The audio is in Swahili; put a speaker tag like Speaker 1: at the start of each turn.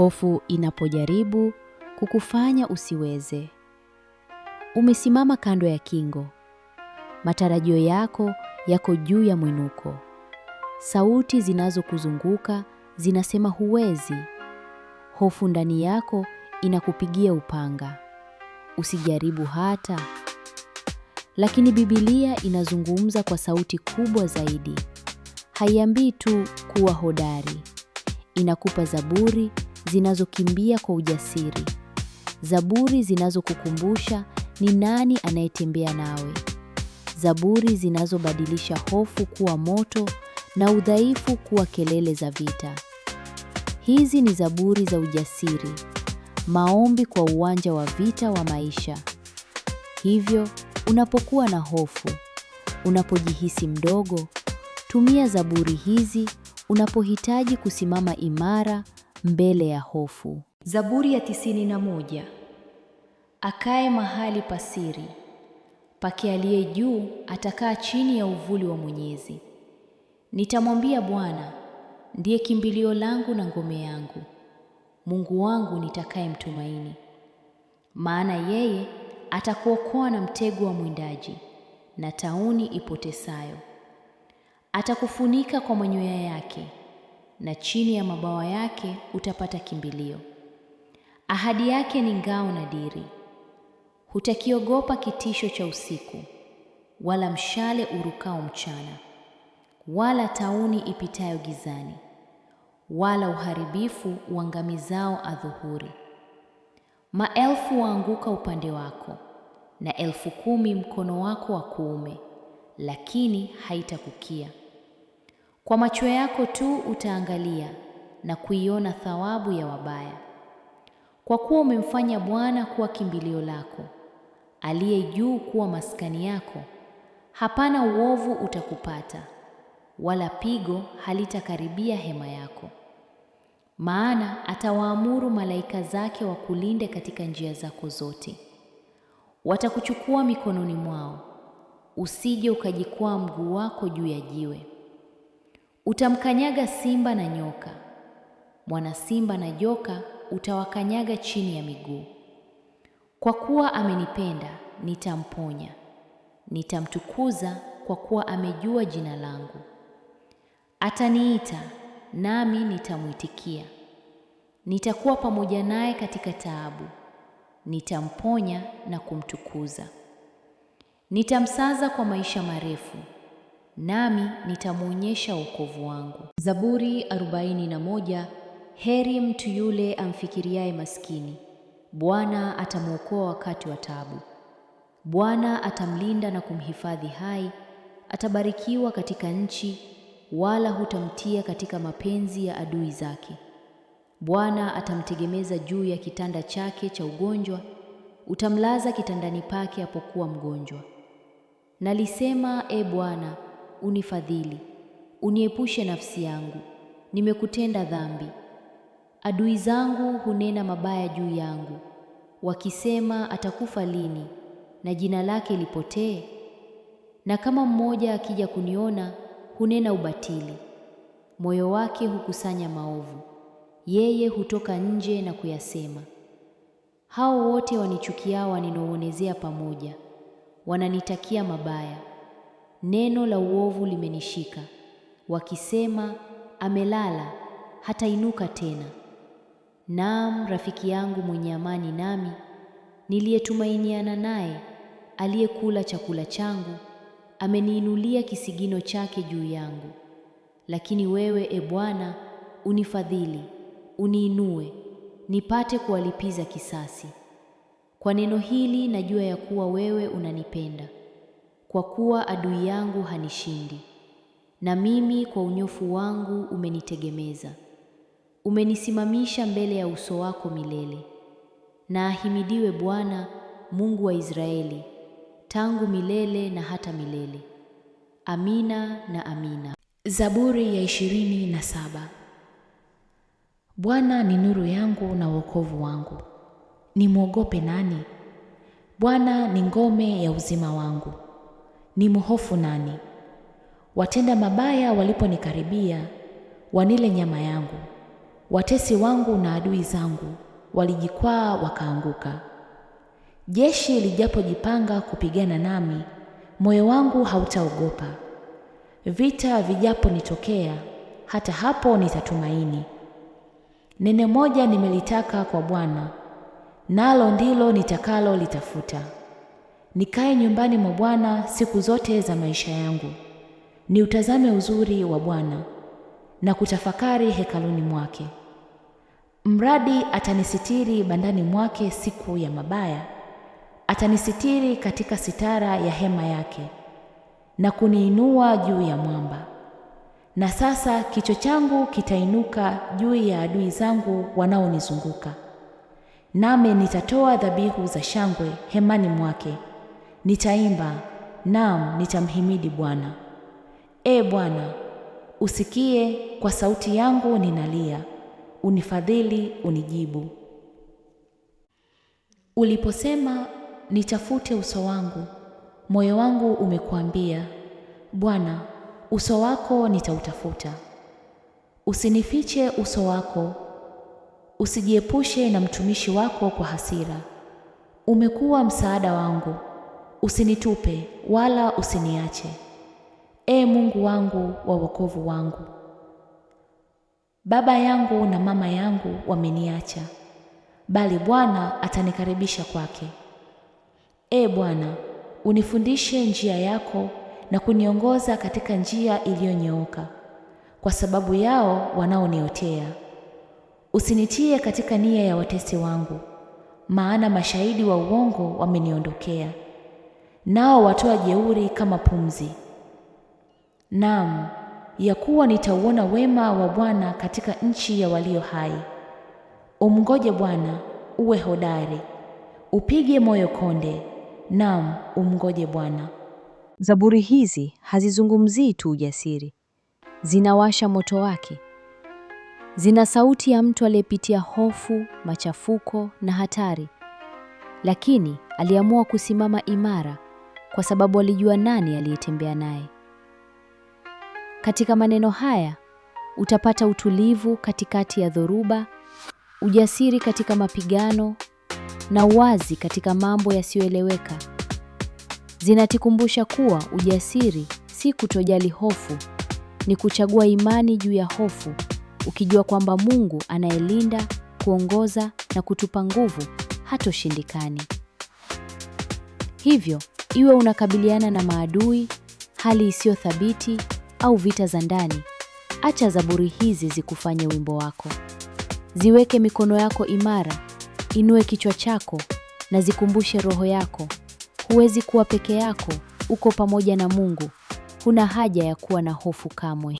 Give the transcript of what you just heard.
Speaker 1: hofu inapojaribu kukufanya usiweze. Umesimama kando ya kingo, matarajio yako yako juu ya mwinuko. Sauti zinazokuzunguka zinasema huwezi. Hofu ndani yako inakupigia upanga, usijaribu hata. Lakini Biblia inazungumza kwa sauti kubwa zaidi. Haiambii tu kuwa hodari, inakupa zaburi zinazokimbia kwa ujasiri, zaburi zinazokukumbusha ni nani anayetembea nawe, zaburi zinazobadilisha hofu kuwa moto na udhaifu kuwa kelele za vita. Hizi ni zaburi za ujasiri, maombi kwa uwanja wa vita wa maisha. Hivyo, unapokuwa na hofu, unapojihisi mdogo, tumia zaburi hizi unapohitaji kusimama imara mbele ya hofu.
Speaker 2: Zaburi ya tisini na moja. Akae mahali pasiri pake aliye juu atakaa chini ya uvuli wa Mwenyezi. Nitamwambia Bwana, ndiye kimbilio langu na ngome yangu, Mungu wangu nitakaye mtumaini. Maana yeye atakuokoa na mtego wa mwindaji na tauni ipotesayo. Atakufunika kwa manyoya yake na chini ya mabawa yake utapata kimbilio. Ahadi yake ni ngao na diri. Hutakiogopa kitisho cha usiku, wala mshale urukao mchana, wala tauni ipitayo gizani, wala uharibifu uangamizao adhuhuri. Maelfu waanguka upande wako na elfu kumi mkono wako wa kuume, lakini haitakukia. Kwa macho yako tu utaangalia na kuiona thawabu ya wabaya, kwa kuwa umemfanya Bwana kuwa kimbilio lako, aliye juu kuwa maskani yako. Hapana uovu utakupata, wala pigo halitakaribia hema yako. Maana atawaamuru malaika zake wakulinde katika njia zako zote, watakuchukua mikononi mwao, usije ukajikwaa mguu wako juu ya jiwe. Utamkanyaga simba na nyoka, mwana simba na joka utawakanyaga chini ya miguu. Kwa kuwa amenipenda nitamponya, nitamtukuza kwa kuwa amejua jina langu. Ataniita nami nitamwitikia, nitakuwa pamoja naye katika taabu, nitamponya na kumtukuza. Nitamsaza kwa maisha marefu nami nitamwonyesha wokovu wangu. Zaburi arobaini na moja. Heri mtu yule amfikiriaye maskini, Bwana atamwokoa wakati wa taabu. Bwana atamlinda na kumhifadhi hai, atabarikiwa katika nchi, wala hutamtia katika mapenzi ya adui zake. Bwana atamtegemeza juu ya kitanda chake cha ugonjwa, utamlaza kitandani pake apokuwa mgonjwa. Nalisema, E Bwana, unifadhili, uniepushe nafsi yangu, nimekutenda dhambi. Adui zangu hunena mabaya juu yangu, wakisema atakufa lini na jina lake lipotee? Na kama mmoja akija kuniona, hunena ubatili, moyo wake hukusanya maovu, yeye hutoka nje na kuyasema. Hao wote wanichukiao waninoonezea pamoja, wananitakia mabaya neno la uovu limenishika, wakisema, amelala hatainuka tena. Naam, rafiki yangu mwenye amani nami, niliyetumainiana naye, aliyekula chakula changu, ameniinulia kisigino chake juu yangu. Lakini wewe, e Bwana, unifadhili, uniinue, nipate kuwalipiza kisasi. Kwa neno hili najua ya kuwa wewe unanipenda kwa kuwa adui yangu hanishindi, na mimi kwa unyofu wangu umenitegemeza. Umenisimamisha mbele ya uso wako milele. Na ahimidiwe Bwana Mungu wa Israeli tangu milele na hata milele. Amina na amina. Zaburi ya ishirini na saba. Bwana ni nuru yangu na wokovu wangu, nimwogope nani? Bwana ni ngome ya uzima wangu, ni mhofu nani? Watenda mabaya waliponikaribia, wanile nyama yangu. Watesi wangu na adui zangu walijikwaa wakaanguka. Jeshi lijapojipanga kupigana nami, moyo wangu hautaogopa. Vita vijaponitokea, hata hapo nitatumaini. Neno moja nimelitaka kwa Bwana, nalo ndilo nitakalolitafuta nikae nyumbani mwa Bwana siku zote za maisha yangu, niutazame uzuri wa Bwana na kutafakari hekaluni mwake. Mradi atanisitiri bandani mwake siku ya mabaya, atanisitiri katika sitara ya hema yake na kuniinua juu ya mwamba. Na sasa kichwa changu kitainuka juu ya adui zangu wanaonizunguka, nami nitatoa dhabihu za shangwe hemani mwake. Nitaimba, naam, nitamhimidi Bwana. E Bwana, usikie kwa sauti yangu ninalia, unifadhili, unijibu. Uliposema nitafute uso wangu, moyo wangu umekuambia, Bwana, uso wako nitautafuta. Usinifiche uso wako, usijiepushe na mtumishi wako kwa hasira. Umekuwa msaada wangu usinitupe wala usiniache, Ee Mungu wangu wa wokovu wangu. Baba yangu na mama yangu wameniacha, bali Bwana atanikaribisha kwake. e Bwana, unifundishe njia yako na kuniongoza katika njia iliyonyooka, kwa sababu yao wanaoniotea. Usinitie katika nia ya watesi wangu, maana mashahidi wa uongo wameniondokea nao watoa jeuri kama pumzi. Naam, ya kuwa nitauona wema wa Bwana katika nchi ya walio hai. Umngoje Bwana, uwe hodari, upige moyo konde. Naam, umngoje Bwana.
Speaker 1: Zaburi hizi hazizungumzii tu ujasiri, zinawasha moto wake. Zina sauti ya mtu aliyepitia hofu, machafuko na hatari, lakini aliamua kusimama imara kwa sababu alijua nani aliyetembea naye. Katika maneno haya utapata utulivu katikati ya dhoruba, ujasiri katika mapigano na uwazi katika mambo yasiyoeleweka. Zinatikumbusha kuwa ujasiri si kutojali hofu, ni kuchagua imani juu ya hofu, ukijua kwamba Mungu anayelinda, kuongoza na kutupa nguvu hatoshindikani. Hivyo Iwe unakabiliana na maadui, hali isiyo thabiti au vita za ndani, acha zaburi hizi zikufanye wimbo wako. Ziweke mikono yako imara, inue kichwa chako na zikumbushe roho yako. Huwezi kuwa peke yako, uko pamoja na Mungu. Huna haja ya kuwa na hofu kamwe.